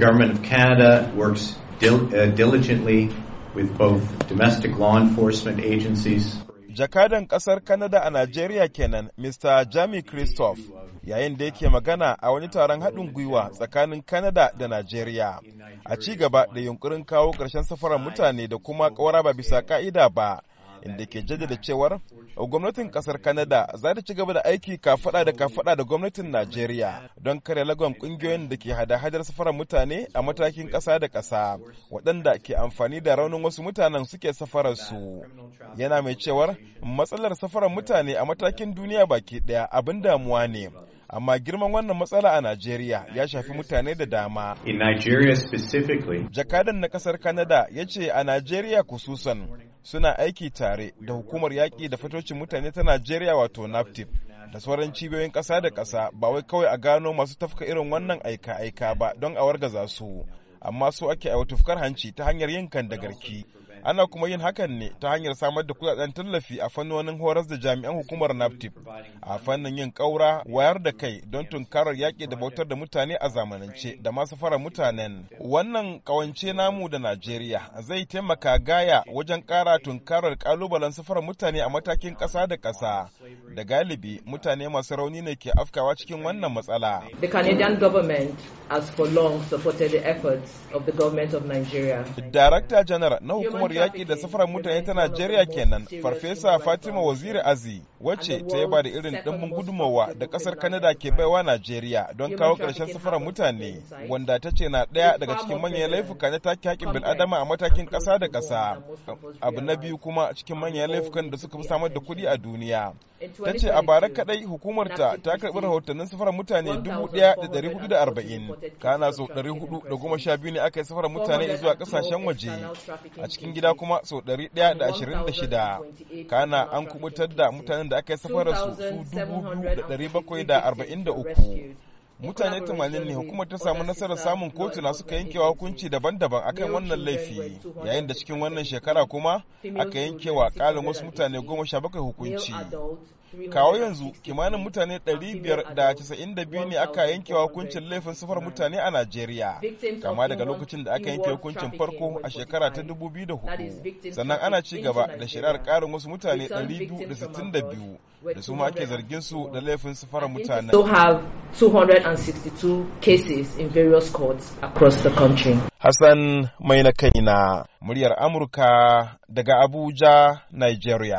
Government of Canada works dil uh, diligently with both domestic law enforcement agencies. Jakadan ƙasar Canada a Najeriya kenan, Mr. Jamie Christoph, yayin da yake magana a wani taron haɗin gwiwa tsakanin Canada da Najeriya. A ci gaba da yunkurin kawo ƙarshen safarar mutane da kuma ƙawara ba bisa ƙa'ida ba. inda ke jaddada cewar gwamnatin kasar Canada za ta ci gaba da aiki kafada da kafada da gwamnatin Najeriya don kare lagon kungiyoyin da ke hada-hadar safarar mutane a matakin kasa da kasa waɗanda ke amfani da raunin wasu mutanen suke safarar su. Yana mai cewar matsalar safarar mutane a matakin duniya baki ɗaya abin damuwa ne. amma girman wannan matsala a Najeriya ya shafi mutane da dama. Jakadan na kasar Canada ya ce a Najeriya kususan suna aiki tare da hukumar yaƙi da fitocin mutane ta Najeriya wato NAPTIP da sauran cibiyoyin ƙasa da ƙasa ba wai kawai a gano masu tafka irin wannan aika-aika ba don a wargaza su amma su ake a tufkar hanci ta hanyar yin kan da garki ana kuma yin hakan ne ta hanyar samar da kudaden tallafi a fannonin horas da jami'an hukumar naptip a fannin yin kaura wayar da kai don tunkarar yaƙi da bautar da mutane a zamanance da masu fara mutanen wannan kawance namu da najeriya zai taimaka gaya wajen ƙara tunkarar kalubalen safarar mutane a matakin ƙasa da ƙasa da galibi mutane masu rauni ne ke afkawa cikin wannan matsala the canadian director general na hukumar hukumar yaƙi da safarar mutane ta Najeriya kenan, Farfesa Fatima Waziri Azi, wacce ta yaba da irin ɗimbin gudunmawa da ƙasar Canada ke baiwa Najeriya don kawo ƙarshen safarar mutane, wanda ta ce na ɗaya daga cikin manyan laifuka na take haƙƙin bil'adama a matakin ƙasa da ƙasa. Abu na biyu kuma cikin manyan laifukan da suka fi samar da kuɗi a duniya. Ta ce a bara kaɗai hukumarta ta karɓi rahotannin safarar mutane 1,440, kana sau 412 ne aka yi safarar mutane zuwa kasashen waje. A cikin gida kuma sau 126 kana an kubutar da mutanen da aka yi safararsu su 2,743 mutane 80 ne hukumar ta samu nasarar samun kotuna suka yankewa hukunci daban-daban akan wannan laifi yayin da cikin wannan shekara kuma aka yankewa ƙarin wasu mutane goma sha bakwai hukunci kawo yanzu kimanin mutane 592 ne aka yankewa hukuncin laifin sufar mutane a najeriya kama daga lokacin da aka yanke hukuncin farko a shekara ta 2004 sannan ana ci gaba da shari'ar karin wasu mutane 262 da su ake zargin su da laifin sufar mutane. 262 cases in various courts across the country. Hassan mai na kaina, muryar Amurka daga Abuja, Nigeria.